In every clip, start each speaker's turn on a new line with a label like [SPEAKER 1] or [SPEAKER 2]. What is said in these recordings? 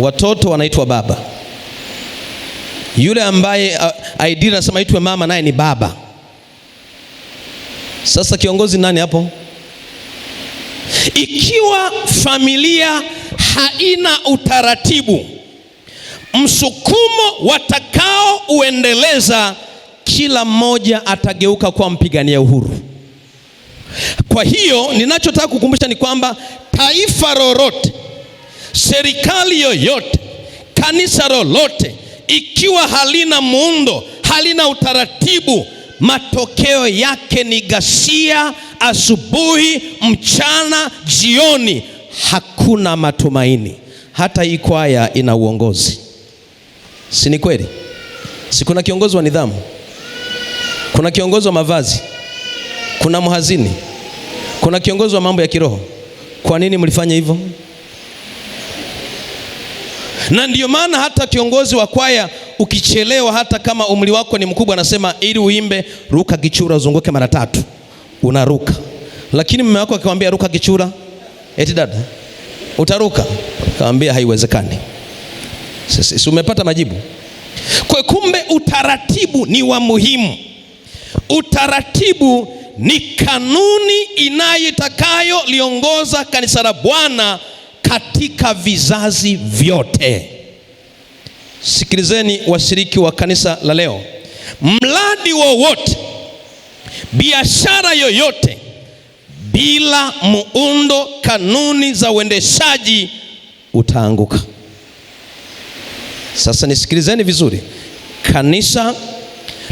[SPEAKER 1] watoto wanaitwa baba. Yule ambaye uh, aidili anasema aitwe mama, naye ni baba. Sasa kiongozi nani hapo? Ikiwa familia haina utaratibu, msukumo watakao uendeleza, kila mmoja atageuka kwa mpigania uhuru. Kwa hiyo ninachotaka kukumbusha ni kwamba taifa lolote serikali yoyote, kanisa lolote, ikiwa halina muundo, halina utaratibu, matokeo yake ni ghasia, asubuhi, mchana, jioni, hakuna matumaini. Hata hii kwaya ina uongozi, si ni kweli? Si kuna kiongozi wa nidhamu, kuna kiongozi wa mavazi, kuna mhazini, kuna kiongozi wa mambo ya kiroho. Kwa nini mlifanya hivyo? Na ndio maana hata kiongozi wa kwaya ukichelewa, hata kama umri wako ni mkubwa, anasema ili uimbe ruka kichura uzunguke mara tatu, unaruka. Lakini mume wako akikwambia ruka kichura, eti dada utaruka, Akamwambia haiwezekani. Si umepata majibu? Kwa kumbe, utaratibu ni wa muhimu. Utaratibu ni kanuni inayotakayo liongoza kanisa la Bwana katika vizazi vyote. Sikilizeni washiriki wa kanisa la leo, mradi wowote, biashara yoyote bila muundo, kanuni za uendeshaji utaanguka. Sasa nisikilizeni vizuri, kanisa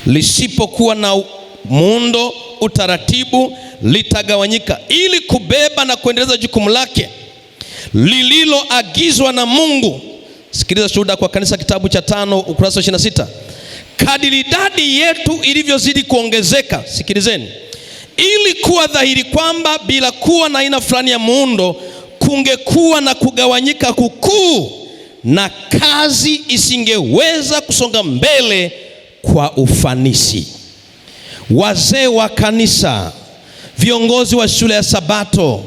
[SPEAKER 1] lisipokuwa na muundo, utaratibu litagawanyika. Ili kubeba na kuendeleza jukumu lake, lililoagizwa na Mungu. Sikiliza shuhuda kwa kanisa, kitabu cha tano ukurasa sita. Kadiri idadi yetu ilivyozidi kuongezeka, sikilizeni, ili kuwa dhahiri kwamba bila kuwa na aina fulani ya muundo kungekuwa na kugawanyika kukuu, na kazi isingeweza kusonga mbele kwa ufanisi. Wazee wa kanisa, viongozi wa shule ya Sabato,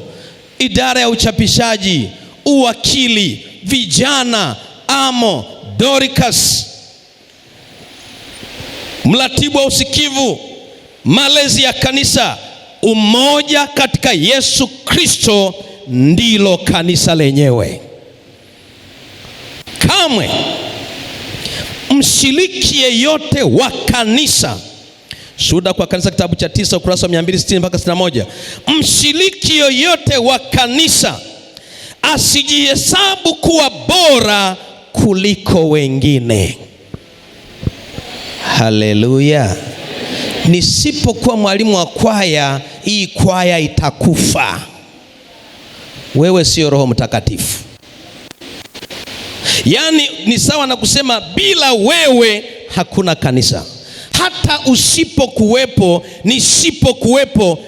[SPEAKER 1] idara ya uchapishaji uwakili, vijana amo Dorcas, mratibu wa usikivu, malezi ya kanisa, umoja katika Yesu Kristo ndilo kanisa lenyewe. Kamwe mshiriki yeyote wa kanisa Shuhuda kwa Kanisa, kitabu cha tisa ukurasa wa 260 mpaka 61. Mshiriki yoyote wa kanisa asijihesabu kuwa bora kuliko wengine. Haleluya! Nisipokuwa mwalimu wa kwaya, hii kwaya itakufa. Wewe sio Roho Mtakatifu. Yaani ni sawa na kusema bila wewe hakuna kanisa. Hata usipokuwepo, nisipokuwepo,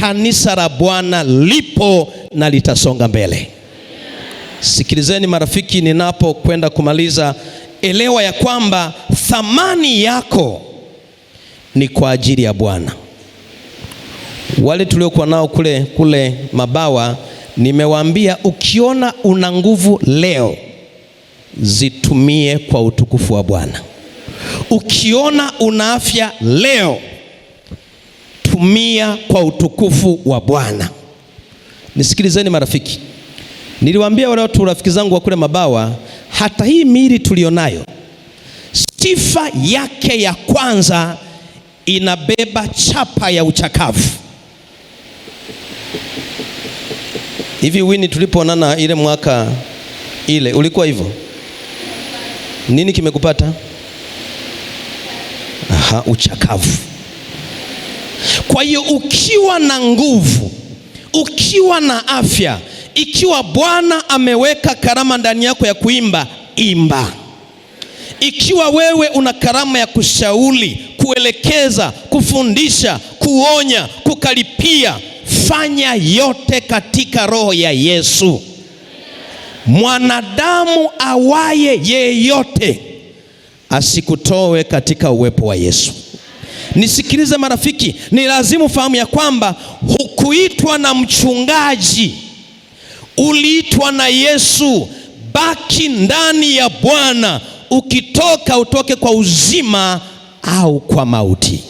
[SPEAKER 1] kanisa la Bwana lipo na litasonga mbele. Sikilizeni marafiki, ninapokwenda kumaliza, elewa ya kwamba thamani yako ni kwa ajili ya Bwana. Wale tuliokuwa nao kule kule Mabawa, nimewaambia ukiona una nguvu leo zitumie kwa utukufu wa Bwana. Ukiona una afya leo tumia kwa utukufu wa Bwana. Nisikilizeni marafiki. Niliwaambia wale watu rafiki zangu wa kule Mabawa, hata hii miili tulionayo, sifa yake ya kwanza inabeba chapa ya uchakavu. Hivi Wini, tulipoonana ile mwaka ile, ulikuwa hivyo? Nini kimekupata? Aha, uchakavu. Kwa hiyo ukiwa na nguvu, ukiwa na afya ikiwa Bwana ameweka karama ndani yako ya kuimba, imba. Ikiwa wewe una karama ya kushauri, kuelekeza, kufundisha, kuonya, kukaripia, fanya yote katika roho ya Yesu. Mwanadamu awaye yeyote asikutoe katika uwepo wa Yesu. Nisikilize marafiki, ni lazima ufahamu ya kwamba hukuitwa na mchungaji uliitwa na Yesu, baki ndani ya Bwana, ukitoka utoke kwa uzima au kwa mauti.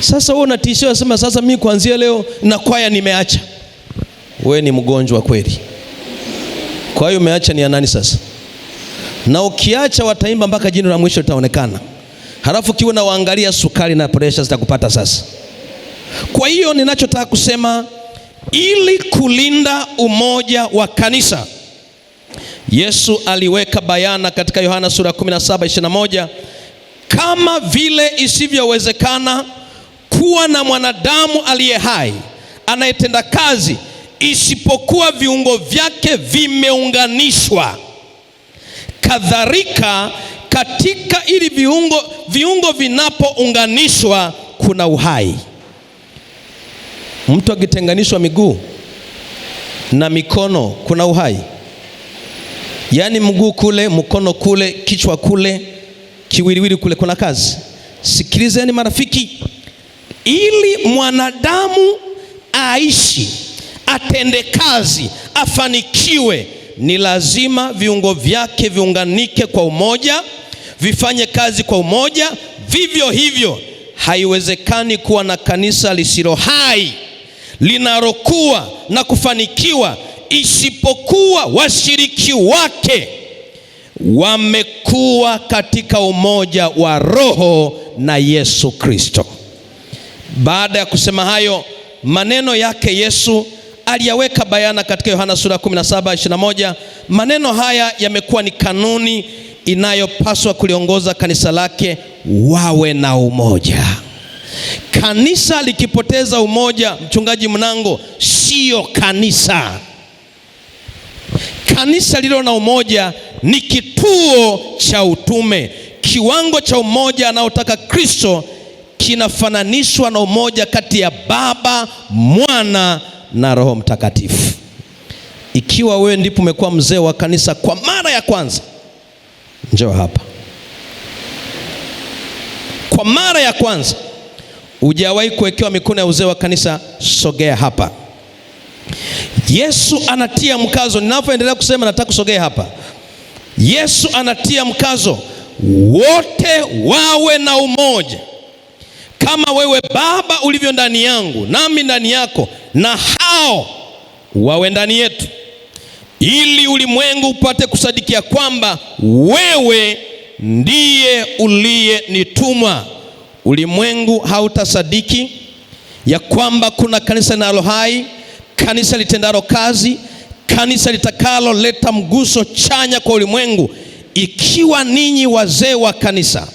[SPEAKER 1] Sasa wewe unatishia, unasema sasa mimi kuanzia leo na kwaya nimeacha. We ni mgonjwa kweli. Kwa hiyo umeacha ni ya nani sasa? Na ukiacha wataimba mpaka jino la mwisho litaonekana, halafu kiwe na waangalia, sukari na presha zitakupata sasa. Kwa hiyo ninachotaka kusema ili kulinda umoja wa kanisa, Yesu aliweka bayana katika Yohana sura 1721 kama vile isivyowezekana kuwa na mwanadamu aliye hai anayetenda kazi isipokuwa viungo vyake vimeunganishwa, kadhalika katika ili viungo, viungo vinapounganishwa kuna uhai. Mtu akitenganishwa miguu na mikono, kuna uhai? Yaani mguu kule, mkono kule, kichwa kule, kiwiliwili kule, kuna kazi? Sikilizeni marafiki, ili mwanadamu aishi, atende kazi, afanikiwe, ni lazima viungo vyake viunganike kwa umoja, vifanye kazi kwa umoja. Vivyo hivyo, haiwezekani kuwa na kanisa lisilo hai linalokuwa na kufanikiwa isipokuwa washiriki wake wamekuwa katika umoja wa roho na Yesu Kristo. Baada ya kusema hayo maneno yake Yesu aliyaweka bayana katika Yohana sura 17, Maneno haya yamekuwa ni kanuni inayopaswa kuliongoza kanisa lake, wawe na umoja. Kanisa likipoteza umoja, mchungaji Mnango, sio kanisa. Kanisa lililo na umoja ni kituo cha utume. Kiwango cha umoja anaotaka Kristo kinafananishwa na umoja kati ya Baba, Mwana na Roho Mtakatifu. Ikiwa wewe ndipo umekuwa mzee wa kanisa kwa mara ya kwanza, njoo hapa kwa mara ya kwanza. Hujawahi kuwekewa mikono ya uzee wa kanisa, sogea hapa. Yesu anatia mkazo, ninavyoendelea kusema nataka kusogea hapa. Yesu anatia mkazo, wote wawe na umoja, kama wewe Baba ulivyo ndani yangu nami ndani yako, na hao wawe ndani yetu, ili ulimwengu upate kusadikia kwamba wewe ndiye nitumwa. Ulimwengu hautasadiki ya kwamba kuna kanisa linalo hai, kanisa litendalo kazi, kanisa litakaloleta mguso chanya kwa ulimwengu, ikiwa ninyi wazee wa kanisa,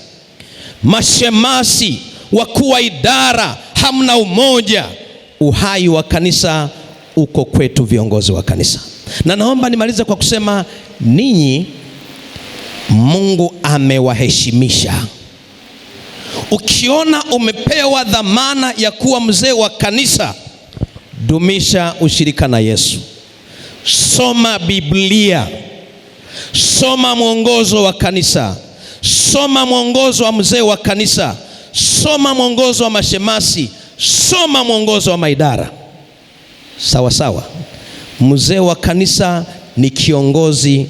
[SPEAKER 1] mashemasi, wakuu wa idara hamna umoja. Uhai wa kanisa uko kwetu, viongozi wa kanisa. Na naomba nimalize kwa kusema ninyi, Mungu amewaheshimisha Ukiona umepewa dhamana ya kuwa mzee wa kanisa, dumisha ushirika na Yesu. Soma Biblia, soma mwongozo wa kanisa, soma mwongozo wa mzee wa kanisa, soma mwongozo wa mashemasi, soma mwongozo wa maidara. Sawa sawa. Mzee wa kanisa ni kiongozi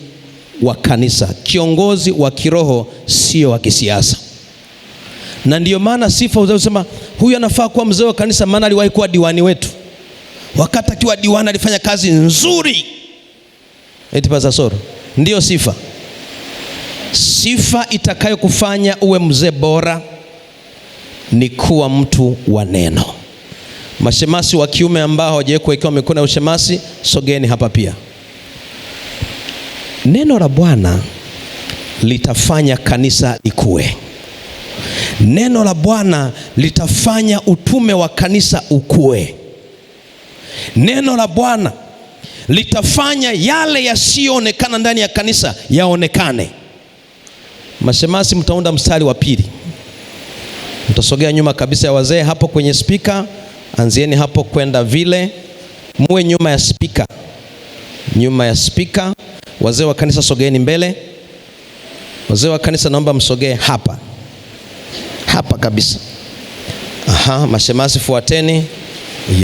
[SPEAKER 1] wa kanisa, kiongozi wa kiroho, sio wa kisiasa na ndiyo maana sifa uzasema huyu anafaa kuwa mzee wa kanisa, maana aliwahi kuwa diwani wetu. Wakati akiwa diwani alifanya kazi nzuri. Etipazasoro ndiyo sifa, sifa itakayokufanya uwe mzee bora ni kuwa mtu wa neno. Mashemasi wa kiume ambao hawajawahi kuwekewa mikono ya ushemasi, sogeni hapa pia. Neno la Bwana litafanya kanisa likue. Neno la Bwana litafanya utume wa kanisa ukue. Neno la Bwana litafanya yale yasiyoonekana ndani ya kanisa yaonekane. Mashemasi, mtaunda mstari wa pili, mtasogea nyuma kabisa ya wazee hapo kwenye spika. Anzieni hapo kwenda vile, muwe nyuma ya spika, nyuma ya spika. Wazee wa kanisa sogeeni mbele. Wazee wa kanisa, naomba msogee hapa hapa kabisa. Aha, mashemasi fuateni.